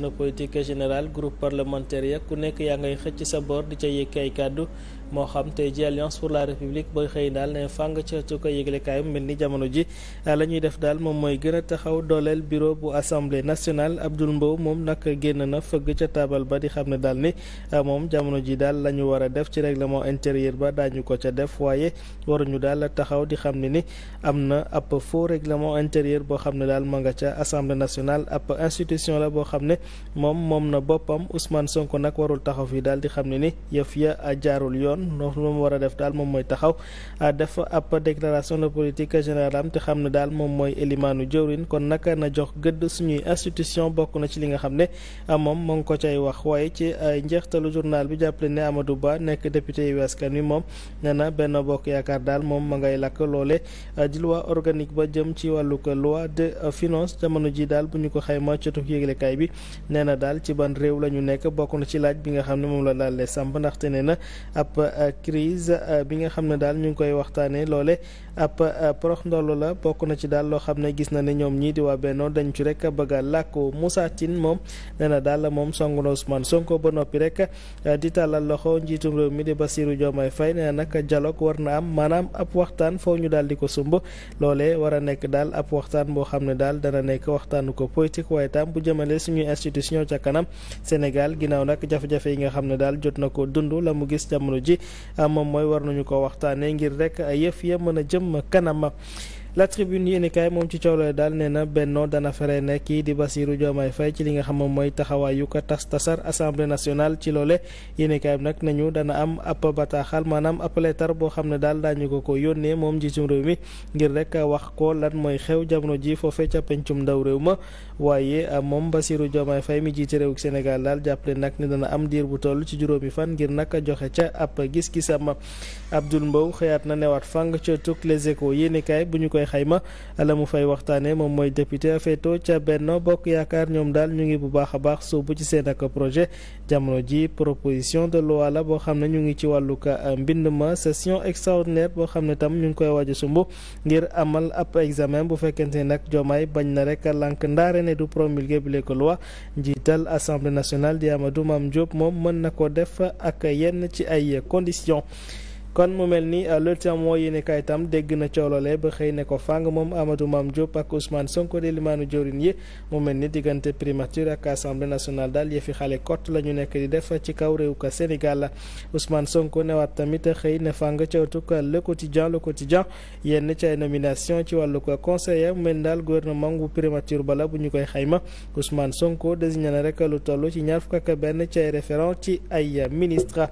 na politique générale groupe parlementaire ya ku nekk yaa ngay xëcc sa boor di ca yëkk moo xam tey ji alliance la république booy xëy daal fàng ca ci ko yëglekaay mu mel ni jamono ji ah, la ñuy def daal moom mooy gën taxaw dooleel bureau bu assemblée nationale Abdoul Mbow moom nag génn na fëgg ca taabal ba di xam ne daal ne ah, moom jamono ji daal la ñu war a def ci règlement intérieur ba daañu ko ca def waaye waruñu daal la taxaw di xam ne ni am na ab faux règlement intérieur boo xam ne daal ma nga ca assemblée nationale ab institution la boo xam ne moom moom na boppam Ousmane Sonko nag warul taxaw fii daal di xam ne ni yëf ya jaarul yoon loolu moom war a def daal moom mooy taxaw ah, def ab déclaration de politique générale am te xam ne daal moom mooy élimaanu jëwrin kon nag na jox gëdd suñuy institution bokk na ci li nga xam ne ah, moom moo ngi ko cay wax waaye ci ah, njeextalu journal bi jàppale ne Amadou Ba nekk député yu askan wi moom nee benn bokk yaakaar daal moom ma ngay lakk loole di loi organique ba jëm ci wàllug loi de finance jamono ji daal bu ñu ko xayma ci tukki yëglekaay bi nee na daal ci ban réew la ñu nekk bokk na ci laaj bi nga xam ne moom la daal di samp ndaxte ne na ab uh, crise uh, bi nga xam ne daal ñu ngi koy waxtaanee loole ab uh, porox ndollu la bokk na ci daal loo xam ne gis na ne ñoom ñii di waa Benno dañ ci rek bëgg a làkku Moussa Tine moom na daal moom songu na Ousmane Sonko ba noppi rek di tàllal loxo njiitum réew mi di Bassirou Diomaye Faye nee na nag dialogue war na am maanaam ab waxtaan foo ñu daal di ko sumb loole wara nekk daal ab waxtaan boo xam ne daal dana nekk waxtaanu ko politique waaye bu jëmale suñuy institution ca kanam Sénégal ginnaaw nag jafe-jafe yi nga xam ne daal jot na ko dund la mu gis jamono ji moom mooy war nañu ko waxtaanee ngir rek yëf ya mën a jëm kanam la tribune yéen kaay moom ci coow daal nee na Benno dana fere ne kii di Bassirou Diomaye Faye ci li nga xam moom mooy taxawaayu ko tas tasar assemblée nationale ci loole yéen kaay nag nañu dana am ab bataaxal maanaam ab leetar boo xam ne daal daañu ko ko yónnee moom njiitum réew mi ngir rek wax ko lan mooy xew jamono ji foofee ca pencum ndaw réew ma waaye ah, moom Bassirou Diomaye Faye mi jiite réew Sénégal daal jàppale nag ne dana am diir bu toll ci juróomi fan ngir nag joxe ca ab gis-gisam Abdoul Mbow xëyaat na newaat fang ca tuk koy koy xayma la mu fay waxtaanee moom mooy député feeto ca benn Bokk Yaakaar ñoom daal ñu ngi bu baax a baax soobu ci seen ak projet jamono ji proposition de loi la boo xam ne ñu ngi ci wàllu ah, mbind ma session extraordinaire boo xam ne tam ñu ngi koy waaj a sumb ngir amal ab examen bu fekkente nag Diomaye bañ na rek lank ndaare ne du promulguer bi ko loi njiital assemblée nationale di Amadou Mame Diop moom mën na ko def ak yenn ci ay conditions kon mu mel ni euh, le témoin yéene kaay tam dégg na coolole ba xëy ne ko fàng moom Amadou Mame Diop ak Ousmane Sonko di limaanu jëwriñ mel ni diggante primature ak assemblée nationale daal yëfi xale kott la ñu nekk di def ci kaw réew ka Sénégal la Ousmane Sonko newaat tamit xëy na fàng cawtu ka le quotidien le quotidien yenn ci ay nomination ci wàllu ko conseiller mu daal gouvernement bu primature bala bu ñu koy xayma Ousmane Sonko désigné na rek lu toll ci ñaar fukk ak benn ci ay référent ci ay ministre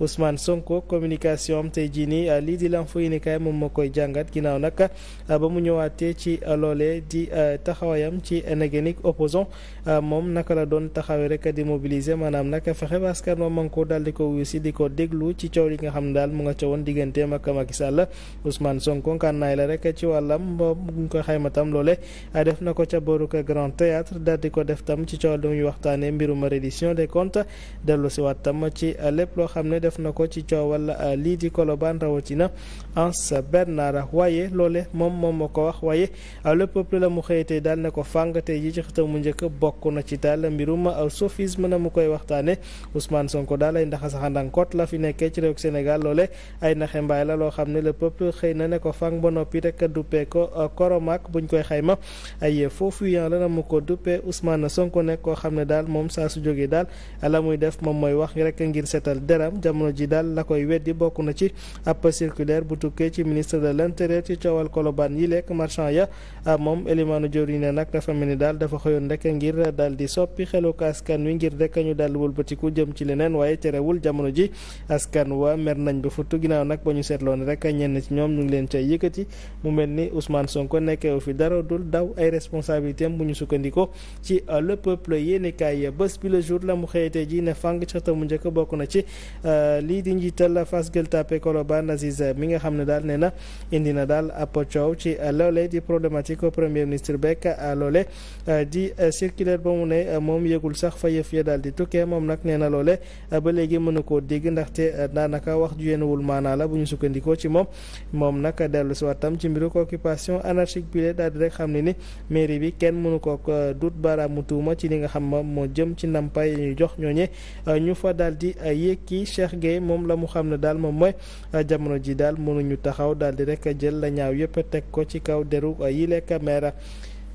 Ousmane Sonko communication tey jii nii lii di l'info moom moo koy jàngat ginnaaw nag ba mu ñëwaatee ci loolee di eh, taxawaayam ci néganik opposant eh, moom naka la doon taxawee rek di mobiliser maanaam nag fexe ba askan wa man ko di ko wuyu si ko déglu ci coow li nga xam ne daal mu nga coowoon digganteem ak Macky Sall Ousmane Sonko la rek ci wàllam ba mu ko xayma tam loole eh, def na ko ca boru Grand Théâtre daal di ko def tam ci coow lu muy waxtaanee mbirum reddition des comptes dellu si waat tam ci lépp loo xam ne def na ko ci coowal euh, lii di Colobane rawatina Anse Bernard waaye loole moom moom moo ko wax waaye euh, le peuple la mu xëyatee daal ne ko fàng tey ji ci xëtam mu njëkk bokk na ci daal mbirum euh, sophisme na mu koy waxtaane Ousmane Sonko daal ay ndaxa saxandankoot la fi nekkee ci réew Sénégal loole ay naxe mbaay la loo xam ne la peuple xëy na ne ko fàng ba noppi rek duppee ko koromaak buñ koy xayma ay foofu yan la na mu ko duppee Ousmane Sonko nekk koo xam ne daal moom saa su jógee daal muy def moom mooy wax rek ngir seetal deram jamono ji daal la koy weddi bokk na ci ab circulaire bu tukkee ci ministre de l'intérieur ci coowal kolobaan yi lekk marchand ya ah, moom élimaanu jëwriñ nag dafa mel ni daal dafa xëyoon rek ngir daal di soppi xeluk askan wi ngir rek ñu daal wëlbatiku jëm ci leneen waaye terewul jamono ji askan wa mer nañ ba futtu ginnaaw nag ba ñu seetloon a ñenn ci ñoom ñu ngi leen cay yëkkati mu mel ni Ousmane Sonko nekkeewu fi dara dul daw ay responsabilité euh, la mu xëyatee ji ne fàng ca tamu njëkk bokk na ci euh, lii di njiital Fass Gueule Tapée Colobane Aziz mi nga xam ne daal nee na indi na daal ab coow ci loole di problématique premier ministre beeg ah, loole ah, di ah, circulaire ba mu ne moom yëgul sax fa yëf ya daal di tukkee moom nag nee na loole ba léegi mënu koo ndax te daanaka wax ju yéenuwul maanaa la bu ñu sukkandikoo ci moom moom nag dellu si watam ci mbiru occupation anarchique bi daal di xam ne ni mairie bi kenn mënu ko dut baaraamu tuuma ci li nga xam moom moo jëm ci ndàmpaay jox ñooñe Cheikh moom la mu xam ne daal moom mooy ah, jamono ji daal mënuñu taxaw daal rekk rek jël la ñaaw yëpp teg ko ci kaw deru ah, yile caméra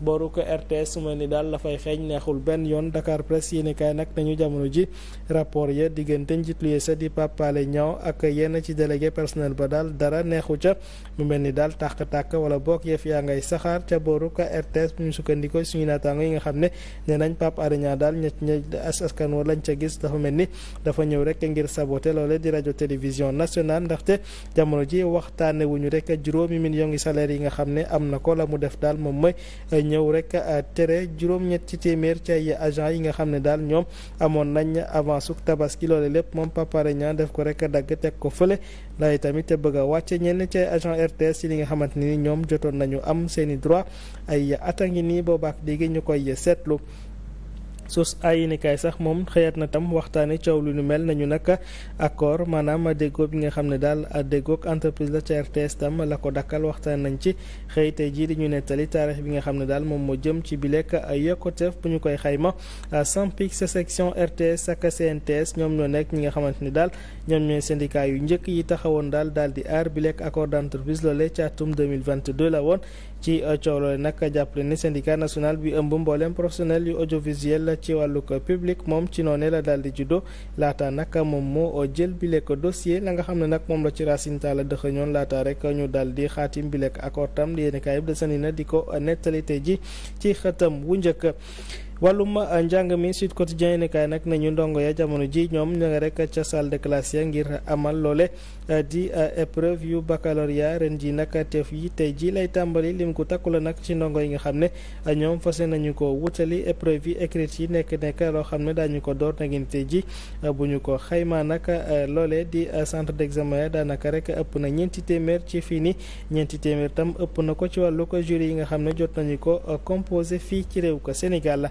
boru ko RTS mu ni daal la fay xeeñ neexul benn yoon Dakar Presse yéen kaay nag nañu jamono ji rapport ya diggante njiit lu sa di papale ñaw ak yenn ci délégué personnel ba daal dara neexu ca mu mel ni daal tàq-tàq wala boog yëf yaa ngay saxaar ca boru ko RTS bu ñu sukkandikoo suñu naataango yi nga xam ne nee nañ Pape Alé Niang daal ña as askan wa lañ ca gis dafa mel ni dafa ñëw rek ngir saboté loole di rajo télévision nationale ndaxte jamono ji waxtaane rek juróomi million yi salaire yi nga xam ne am na ko la mu def daal moom mooy ñëw rek euh, tere juróom-ñetti téeméer ci ay agent yi nga xam ne daal ñoom amoon nañ avant su tabaski loole lépp moom Pape Alé Niang def ko rek dagg teg ko fële lay tamit bëgg a wàcce ñenn ci agent RTS ci li nga xamante ni ñoom jotoon nañu am seeni droit ay at a ngi nii boobaak léegi ñu koy seetlu source ay yéenekaay sax moom xëyaat na tam waxtaane coow lu nu mel nañu nag accord maanaam déggoo bi nga xam ne daal déggoog entreprise la ca RTS tam la ko dakkal waxtaan nañ ci xëyte tey jii di ñu nettali taarix bi nga xam ne daal moom moo jëm ci bi lekk yokkuteef bu ñu koy xayma SYNPICS section RTS ak CNTS ñoom ñoo nekk ñi nga xamante ni daal ñoom ñooy syndicat yu njëkk yi taxawoon daal daal di aar bi lekk accord d'entreprise loolee ca atum 2022 la woon ci euh, coow loole nag jàppale ne syndicat national bi ëmb mbooleem professionnel yu audiovisuel ci wàllug public moom ci noonee la daal di juddo laata nag moom moo euh, jël bile ko dossier la nga xam ne nag moom la ci Racine Talla dëxëñoon laata rek ñu daal di xaatim bile ko accord tam yéen a kaay yëpp desandi na di ko euh, nettali ji ci xëtam wu njëkk. wàllum ah, njàng mi Sud Quotidien ni kaay nag nañu ndongo ya jamono ji ñoom ña nga rek ca salle de classe ya ngir amal loole ah, di ah, épreuve yu baccalauréat ren ji nag teef yi tey ji lay tàmbali lim ku takku la nag ci ndongo yi nga xam ne ñoom fase nañu ko wutali épreuve yi écrite yi nekk nekk loo xam ne daañu ko door na ngeen tey ji bu ñu ko xaymaa nag loole di centre d'examen ya daanaka rek ëpp na ñeenti téeméer ci fii ni ñeenti téeméer tam ëpp na ko ci wàllu ko jury yi nga xam ne jot nañu ko composé fii ci réew ko Sénégal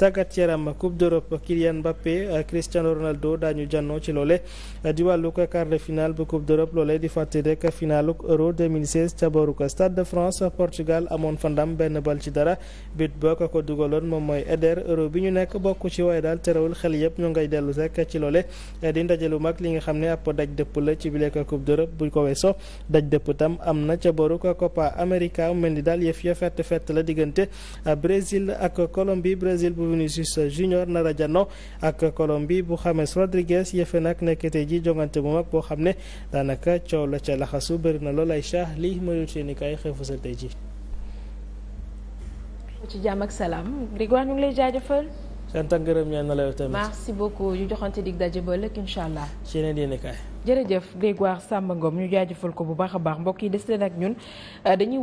tàggat yaram Coupe d'Europe Kylian Mbappé euh, Cristiano Ronaldo daañu jànnoo ci loole euh, di wàllu quart de finale bu Coupe d'Europe loole di fàtte rek finalu Euro ca boru Stade de France Portugal amoon fa ndam benn bal ci dara but ba ko dugaloon moom mooy Eder Euro bi ñu nekk bokk ci waaye daal terewul xel yëpp ñu ngay dellu rek ci loole euh, di ndajalu mag li nga xam ne ab daj dëpp la ci bile ko Coupe d'Europe bu ko weesoo daj dëpp tam am na ca boru ko la diggante Brésil Vinicius Junior nar a janoo ak Colombie bu James Rodriguez yëfe nag nekk ji jongante bu mag boo xam ne daanaka coow la ca laxasu bëri na lool ay chat lii mayul seen i kaay xëy fësal ji ci jàmm ak salaam Grégoire ñu la yow tamit. merci beaucoup ñu joxante dig daje ba ëllëg incha allah. ci yeneen yéen kaay. Ngom ñu jaajëfal ko bu baax a baax mbokk yi des leen ñun dañuy.